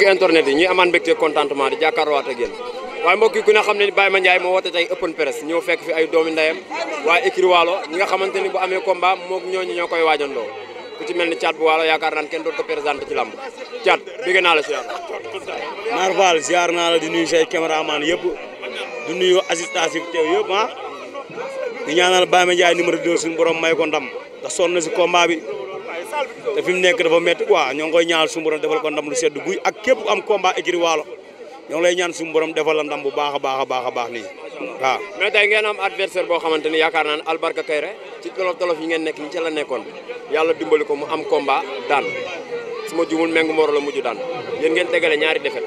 mbokki internet yi ñuy amaan mbégte contentement di jàkkaarwaat ak yéen waaye mbokk yi ku ne ne Baye Mandiaye moo woote tey open press ñëw fekk fi ay doomi waaye écrit waalo ñi nga xamante ni bu amee combat mook ñooñu ñoo koy waajandoo ku ci mel ni Thiat bu waalo yaakaar naan kenn doot ko présenté ci làmb Thiat bégg naa la siyaar Naar Fall siyaar naa la di nuyu say caméraman yëpp di nuyu assistance yi teew yëpp ah di ñaanal Baye Mandiaye numéro 2 suñu borom may ko ndam ndax sonn na si combat bi te fi mu nekk dafa métti quoi ñoo ngi koy ñaanal suñu borom defal ko ndam lu sedd guy ak képp am combat écrit waalo ñoo ngi ñaan suñu defal ndam bu baax a baax a baax a baax nii waaw. mais tey ngeen am adversaire boo xamante ni yaakaar naa Albarka Kairé ci tolof tolof yi ngeen nekk ni ci la nekkoon yàlla dimbali ko mu am combat daan su ma jumul mengu moro la mujj daan yéen ngeen tegale ñaari defet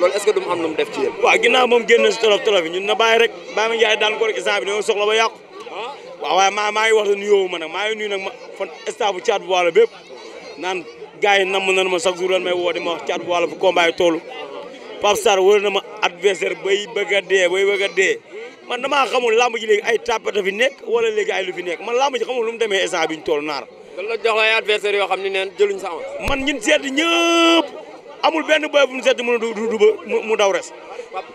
loolu est-ce am lu def ci yéen. waaw ginnaaw moom génn si tolof tolof waaw waaye maa maa ngi wax ne nuyoo ma nag maa ngi nuyu nag ma fan staff bu caat bu waalo bépp naan gars yi ma nan ma chaque jour lan may woo ma wax caat bu waalo bu combat yi toll Pape na ma adversaire bay bëgg a dee bay bëgg a dee man damaa xamul lamb ji léegi ay tapata fi nekk wala léegi ay lu fi nekk man lamb ji xamul lu mu demee instant bi ñu toll naar. dañ la jox ay yoo xam ne neen jëluñ sa man ñun seet ñëpp amul benn boy bu mu seet mu mu daw res.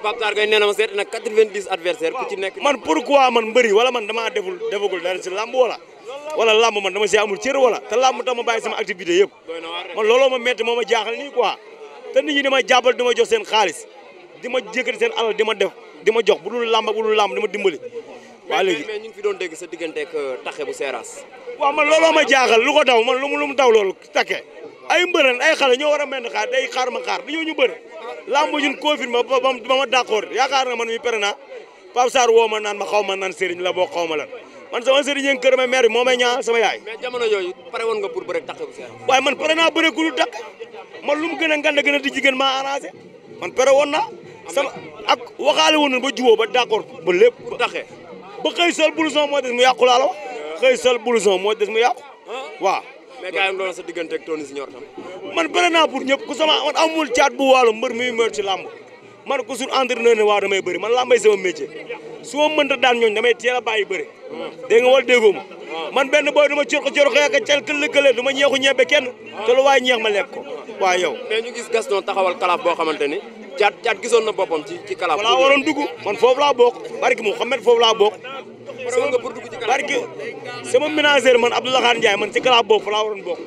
Pape Sarr Gueye na ma seet na 90 adversaires ku man pourquoi man wala man damaa deful defagul dara si làmb wala. wala làmb man dama see amul cër wala te làmb tax ma bàyyi sama activité yëpp. man looloo ma métti moo ma jaaxal nii quoi te nit ñi di ma jàppal di ma jox seen xaalis di ma jëkkati seen alal di ma def di ma jox bu dul làmb bu dul làmb di ma dimbali. waa léegi mais ñu ngi fi doon dégg sa digganteeg euh, taxe bu seeraas. waaw man looloo ma jaaxal lu ko daw man lu mu lu mu daw loolu takke ay mbëran ay xale ñoo war a mel xaar day xaar ma xaar dañoo ñu bëri lamb ñun confirme ba ba ma d'accord yaakaar na man mi pere naa Pape Sarr woo ma naan ma xaw ma naan Serigne la boo xaw ma lan man sama Serigne yéen kër ma maire bi moo may ñaa sama yaay. mais jamono yooyu pare woon nga pour bëre takk bu seer. waaye man pare naa bëre ku dul man lu mu gën a a di jigéen maa arrangé man pare woon naa. sama ak waxaale woon ba jubóo ba d'accord ba lépp. bu taxee ba xëy sol blouson moo des mu yàqu laa la wax xëy sol mais sa diggante ak Tony Junior tam. man bëre naa pour ñëpp ku sama man amul caat bu waalo mbër mi mër ci làmb man ku suñu entraîneur ne waaw damay bëri man làmbay sama métier su ma mënta daan ñooñ damay teel a bàyyi bëri dégg nga ma man benn booy du ma cor ko cor ko yàgg cal këllëkkale du ma ñeexu kenn te lu waaye ñeex ma lekk ko waaw yow mais ñu gis Gaston taxawal kalaaf boo xamante ni caat caat gisoon na boppam ci ci kalaaf. wala waroon dugg man foofu laa bokk barki Mouhamed foofu laa bokk. sama nga pour dugg ci man Abdoulaye Khane Ndiaye man ci kalaaf boobu fa laa waroon bokk.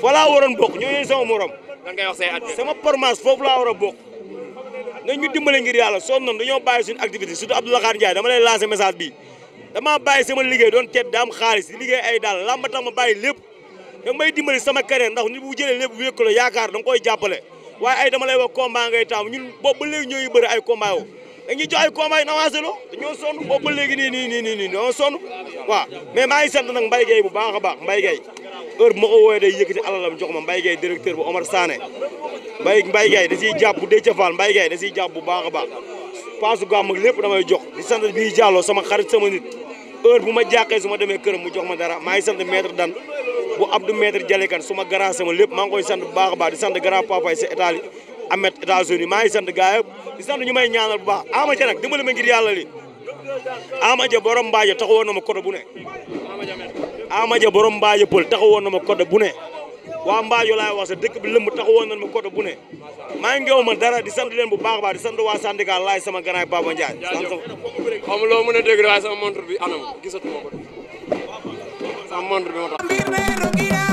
fa laa waroon bokk sama morom. lan ngay foofu laa war a bokk. nañ ñu dimbale ngir yàlla sonn nañ dañoo bàyyi suñu activité surtout Abdoulaye Khane Ndiaye dama lay lancer message liggéey doon teet daam xaalis di liggéey ay daal lamba tax ma bàyyi lépp da may dimbali sama carrière ndax nit bu jëlee lépp wékkaloo yaakaar da nga koy waaye ay dama lay wax combat ngay taamu ñun boobu ba léegi ñooy bëri ay combat woo dañuy jox ay combat yi avancé loo dañoo sonn boobu ba léegi nii nii nii nii dañoo sonn waaw mais maa ngi sant nag Mbaye Gueye bu baax a baax Mbaye Gueye heure bu ma ko wooyee day yëkkati alalam jox ma Mbaye Gueye directeur bu Omar Sané Mbaye Mbaye Gueye da ciy jàpp bu Déthié Fall Mbaye Gueye da ciy jàpp bu baax a baax paasu gàmm ak lépp damay jox di sant bii jàlloo sama xarit sama nit heure bu ma jàqee su ma demee këram mu jox ma dara maa ngi sant maître dan bu Abdou Maître Jalikan suma grand sama lépp maa ngi koy sant bu baax a baax di sant grand papa yi sa Italie Amet États-Unis maa ngi sant gars yëpp di sant ñu ñaanal baax Ama Dia nag dimbali ma ngir yàlla li Ama Dia borom mbaaje taxawoon na ma kodo bu ne Ama Dia borom mbaaje pël taxawoon na ma kodo bu ne waa mbaajo laay wax sa dëkk bi lëmb taxawoon na ma kodo bu ne maa ngi ma dara di sant leen bu baax a baax di sant waa syndicat laay sama grand Baba Ndiaye sant sama xam loo mën a dégg waaye sama membre bi moo tax